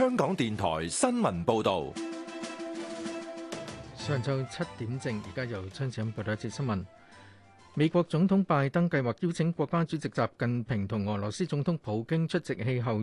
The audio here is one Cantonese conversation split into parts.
香港電台新聞報道：上晝七點正，而家由張子欣報道一節新聞。美國總統拜登計劃邀請國家主席習近平同俄羅斯總統普京出席氣候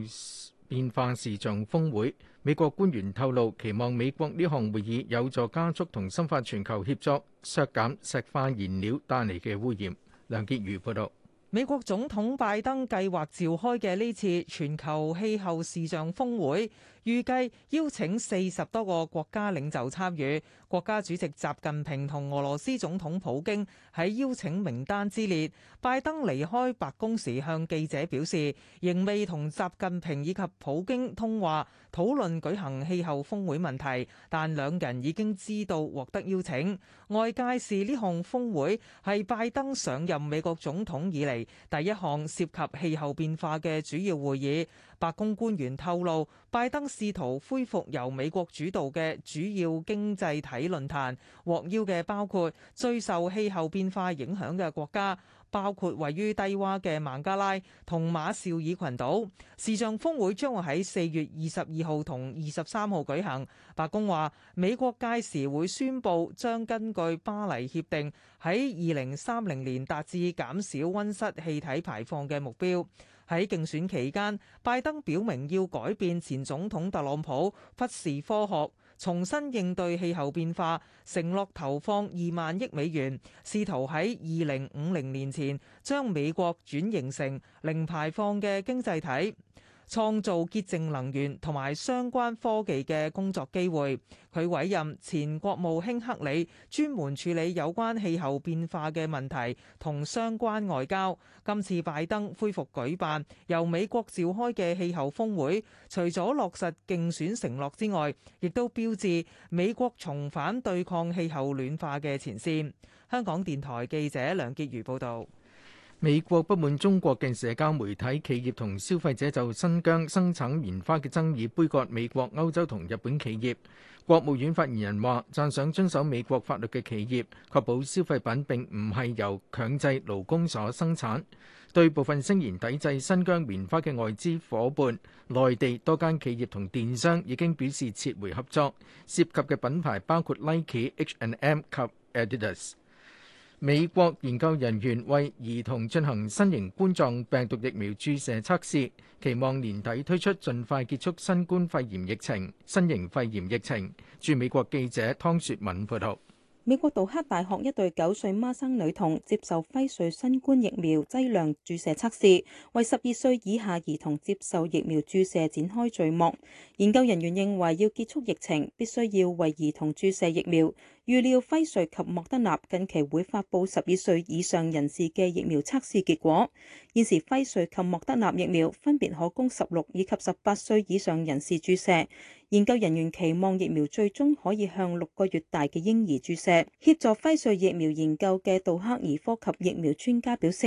變化視像峰會。美國官員透露，期望美國呢項會議有助加速同深化全球協作，削減石化燃料帶嚟嘅污染。梁潔如報道。美國總統拜登計劃召開嘅呢次全球氣候視像峰會，預計邀請四十多個國家領袖參與，國家主席習近平同俄羅斯總統普京喺邀請名單之列。拜登離開白宮時向記者表示，仍未同習近平以及普京通話討論舉行氣候峰會問題，但兩人已經知道獲得邀請。外界視呢項峰會係拜登上任美國總統以嚟第一項涉及氣候變化嘅主要會議。白宮官員透露，拜登試圖恢復由美國主導嘅主要經濟體論壇，獲邀嘅包括最受氣候變化影響嘅國家，包括位於低洼嘅孟加拉同馬紹爾群島。視像峰會將會喺四月二十二號同二十三號舉行。白宮話，美國屆時會宣布將根據《巴黎協定》喺二零三零年達至減少溫室氣體排放嘅目標。喺競選期間，拜登表明要改變前總統特朗普忽視科學、重新應對氣候變化，承諾投放二萬億美元，試圖喺二零五零年前將美國轉型成零排放嘅經濟體。創造潔淨能源同埋相關科技嘅工作機會。佢委任前國務卿克里專門處理有關氣候變化嘅問題同相關外交。今次拜登恢復舉辦由美國召開嘅氣候峰會，除咗落實競選承諾之外，亦都標誌美國重返對抗氣候暖化嘅前線。香港電台記者梁潔如報導。美國不滿中國嘅社交媒體企業同消費者就新疆生產棉花嘅爭議，杯葛美國、歐洲同日本企業。國務院發言人話讚賞遵守美國法律嘅企業，確保消費品並唔係由強制勞工所生產。對部分聲言抵制新疆棉花嘅外資伙伴，內地多間企業同電商已經表示撤回合作，涉及嘅品牌包括 Nike、H&M 及 Adidas。美國研究人員為兒童進行新型冠狀病毒疫苗注射測試，期望年底推出，盡快結束新冠肺炎疫情。新型肺炎疫情。駐美國記者湯雪敏報導。美國杜克大學一對九歲孖生女童接受輝瑞新冠疫苗劑量注射測試，為十二歲以下兒童接受疫苗注射展開序幕。研究人員認為要結束疫情，必須要為兒童注射疫苗。預料輝瑞及莫德納近期會發布十二歲以上人士嘅疫苗測試結果。現時輝瑞及莫德納疫苗分別可供十六以及十八歲以上人士注射。研究人員期望疫苗最終可以向六個月大嘅嬰兒注射。協助輝瑞疫苗研究嘅杜克兒科及疫苗專家表示，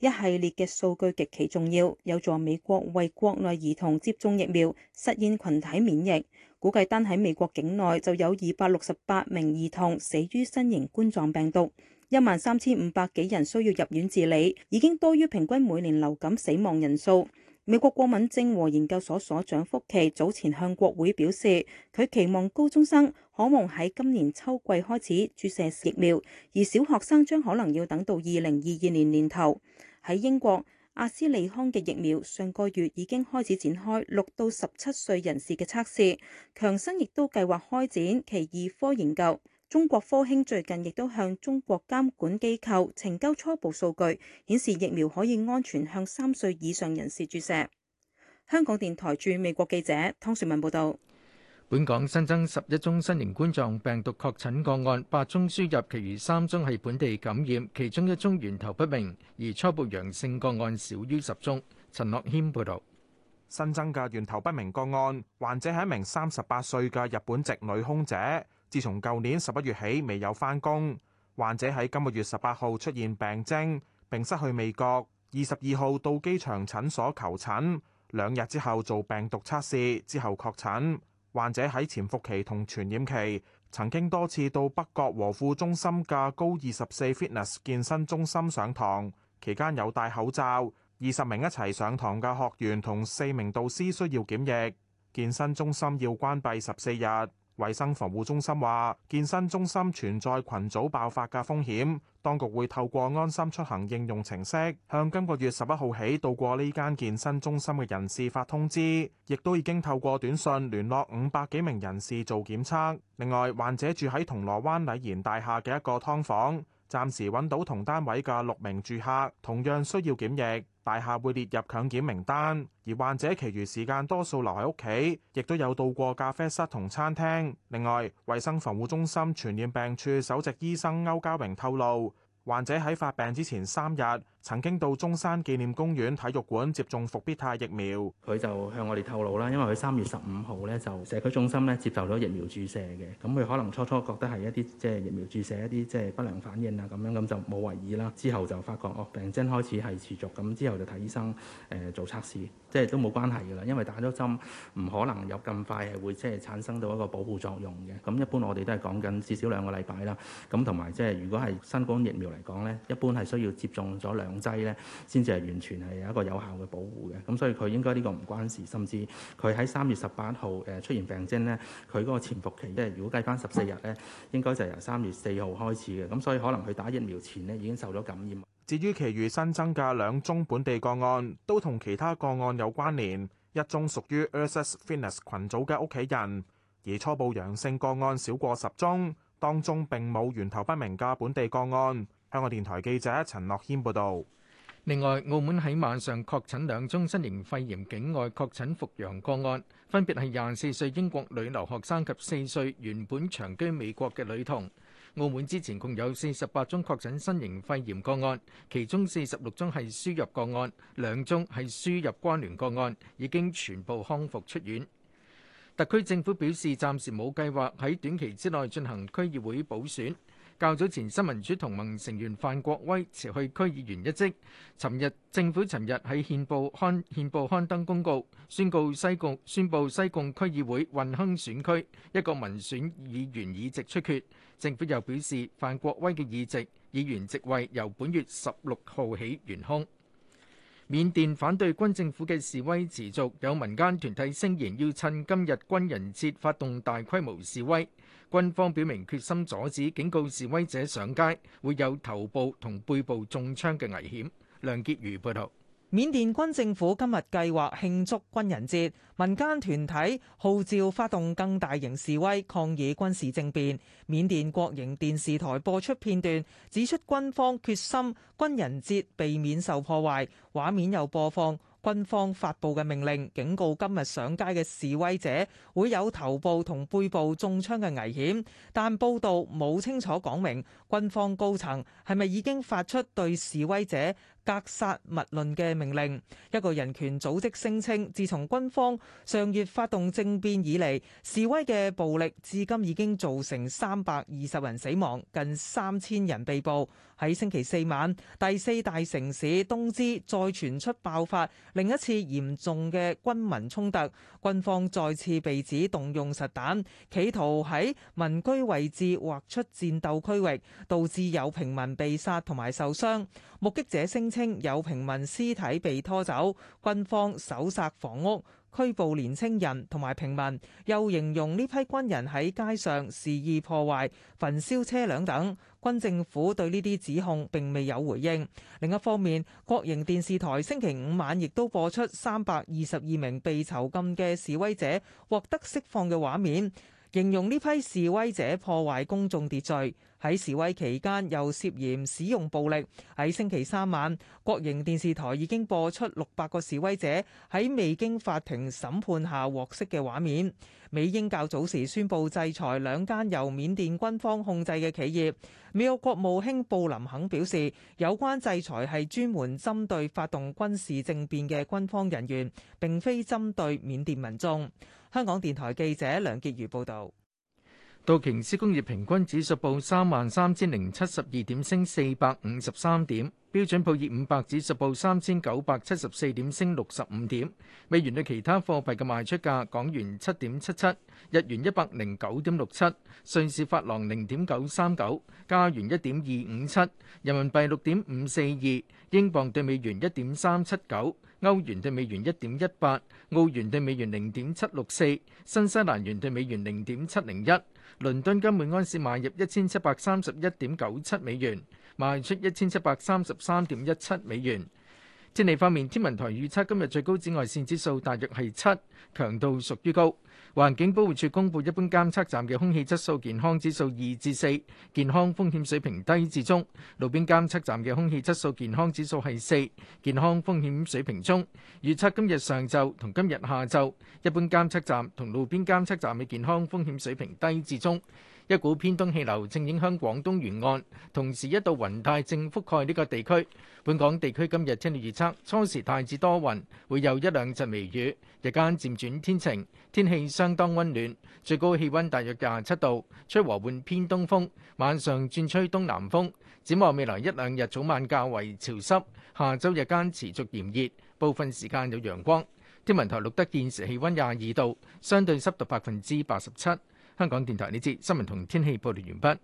一系列嘅數據極其重要，有助美國為國內兒童接種疫苗，實現群體免疫。估計單喺美國境內就有二百六十八名兒童死於新型冠狀病毒，一萬三千五百幾人需要入院治理，已經多於平均每年流感死亡人數。美國過敏症和研究所所長福奇早前向國會表示，佢期望高中生可望喺今年秋季開始注射疫苗，而小學生將可能要等到二零二二年年頭。喺英國，阿斯利康嘅疫苗上個月已經開始展開六到十七歲人士嘅測試，強生亦都計劃開展其二科研究。中國科興最近亦都向中國監管機構呈交初步數據，顯示疫苗可以安全向三歲以上人士注射。香港電台駐美國記者湯雪文報道。本港新增十一宗新型冠狀病毒確診個案，八宗輸入，其餘三宗係本地感染，其中一宗源頭不明，而初步陽性個案少於十宗。陳樂謙報道。新增嘅源頭不明個案，患者係一名三十八歲嘅日本籍女空姐。自從舊年十一月起未有返工，患者喺今個月十八號出現病徵，並失去味覺。二十二號到機場診所求診，兩日之後做病毒測試，之後確診。患者喺潛伏期同傳染期曾經多次到北角和富中心嘅高二十四 Fitness 健身中心上堂，期間有戴口罩。二十名一齊上堂嘅學員同四名導師需要檢疫，健身中心要關閉十四日。衛生防護中心話，健身中心存在群組爆發嘅風險，當局會透過安心出行應用程式，向今個月十一號起到過呢間健身中心嘅人士發通知，亦都已經透過短訊聯絡五百幾名人士做檢測。另外，患者住喺銅鑼灣禮賢大廈嘅一個劏房。暫時揾到同單位嘅六名住客，同樣需要檢疫，大廈會列入強檢名單。而患者其餘時間多數留喺屋企，亦都有到過咖啡室同餐廳。另外，衛生防護中心傳染病處首席醫生歐家榮透露，患者喺發病之前三日，曾經到中山紀念公園體育館接種復必泰疫苗，佢就向我哋透露啦，因為佢三月十五號咧就社區中心咧接受咗疫苗注射嘅，咁佢可能初初覺得係一啲即係疫苗注射一啲即係不良反應啊咁樣，咁就冇為意啦。之後就發覺哦，病徵開始係持續，咁之後就睇醫生誒、呃、做測試，即係都冇關係嘅啦，因為打咗針唔可能有咁快係會即係產生到一個保護作用嘅。咁一般我哋都係講緊至少兩個禮拜啦。咁同埋即係如果係新冠疫苗嚟講咧，一般係需要接種咗兩。控制咧，先至係完全係有一個有效嘅保護嘅。咁所以佢應該呢個唔關事。甚至佢喺三月十八號誒出現病徵咧，佢嗰個潛伏期即係如果計翻十四日咧，應該就係由三月四號開始嘅。咁所以可能佢打疫苗前呢已經受咗感染。至於其餘新增嘅兩宗本地個案，都同其他個案有關聯，一宗屬於 Ursus Fitness 羣組嘅屋企人，而初步陽性個案少過十宗，當中並冇源頭不明嘅本地個案。香港電台記者陳樂謙報道。另外，澳門喺晚上確診兩宗新型肺炎境外確診復陽個案，分別係廿四歲英國女留學生及四歲原本長居美國嘅女童。澳門之前共有四十八宗確診新型肺炎個案，其中四十六宗係輸入個案，兩宗係輸入關聯個案，已經全部康復出院。特區政府表示，暫時冇計劃喺短期之內進行區議會補選。較早前，新民主同盟成員范國威辭去區議員一職。尋日政府尋日喺憲報刊憲報刊登公告，宣告西貢宣佈西貢區議會運亨選區一個民選議員議席出缺。政府又表示，范國威嘅議席議員席位由本月十六號起完空。緬甸反對軍政府嘅示威持續，有民間團體聲言要趁今日軍人節發動大規模示威。軍方表明決心阻止警告示威者上街，會有頭部同背部中槍嘅危險。梁潔如報道，緬甸軍政府今日計劃慶祝軍人節，民間團體號召發動更大型示威，抗議軍事政變。緬甸國營電視台播出片段指出，軍方決心軍人節避免受破壞，畫面又播放。軍方發布嘅命令，警告今日上街嘅示威者會有頭部同背部中槍嘅危險，但報道冇清楚講明軍方高層係咪已經發出對示威者。格殺勿論嘅命令。一個人權組織聲稱，自從軍方上月發動政變以嚟，示威嘅暴力至今已經造成三百二十人死亡，近三千人被捕。喺星期四晚，第四大城市東枝再傳出爆發另一次嚴重嘅軍民衝突，軍方再次被指動用實彈，企圖喺民居位置劃出戰鬥區域，導致有平民被殺同埋受傷。目擊者聲稱有平民屍體被拖走，軍方搜查房屋、拘捕年青人同埋平民，又形容呢批軍人喺街上肆意破壞、焚燒車輛等。軍政府對呢啲指控並未有回應。另一方面，國營電視台星期五晚亦都播出三百二十二名被囚禁嘅示威者獲得釋放嘅畫面。形容呢批示威者破壞公眾秩序，喺示威期間又涉嫌使用暴力。喺星期三晚，國營電視台已經播出六百個示威者喺未經法庭審判下獲釋嘅畫面。美英較早時宣布制裁兩間由緬甸軍方控制嘅企業。美國國務卿布林肯表示，有關制裁係專門針對發動軍事政變嘅軍方人員，並非針對緬甸民眾。香港電台記者梁潔如報道。道瓊斯工業平均指數報三萬三千零七十二點，升四百五十三點。標準普爾五百指數報三千九百七十四點，升六十五點。美元對其他貨幣嘅賣出價：港元七點七七，日元一百零九點六七，瑞士法郎零點九三九，加元一點二五七，人民幣六點五四二，英鎊對美元一點三七九，歐元對美元一點一八，澳元對美元零點七六四，新西蘭元對美元零點七零一。倫敦金每安士買入一千七百三十一點九七美元，賣出一千七百三十三點一七美元。天氣方面，天文台預測今日最高紫外線指數大約係七，強度屬於高。環境保護署公布一般監測站嘅空氣質素健康指數二至四，健康風險水平低至中；路邊監測站嘅空氣質素健康指數係四，健康風險水平中。預測今日上晝同今日下晝，一般監測站同路邊監測站嘅健康風險水平低至中。一股偏東氣流正影響廣東沿岸，同時一道雲帶正覆蓋呢個地區。本港地區今日天氣預測，初時大致多雲，會有一兩陣微雨，日間漸轉天晴，天氣相當温暖，最高氣温大約廿七度，吹和緩偏東風，晚上轉吹東南風。展望未來一兩日早晚較為潮濕，下周日間持續炎熱，部分時間有陽光。天文台錄得現時氣温廿二度，相對濕度百分之八十七。香港電台呢節新聞同天氣報道完畢。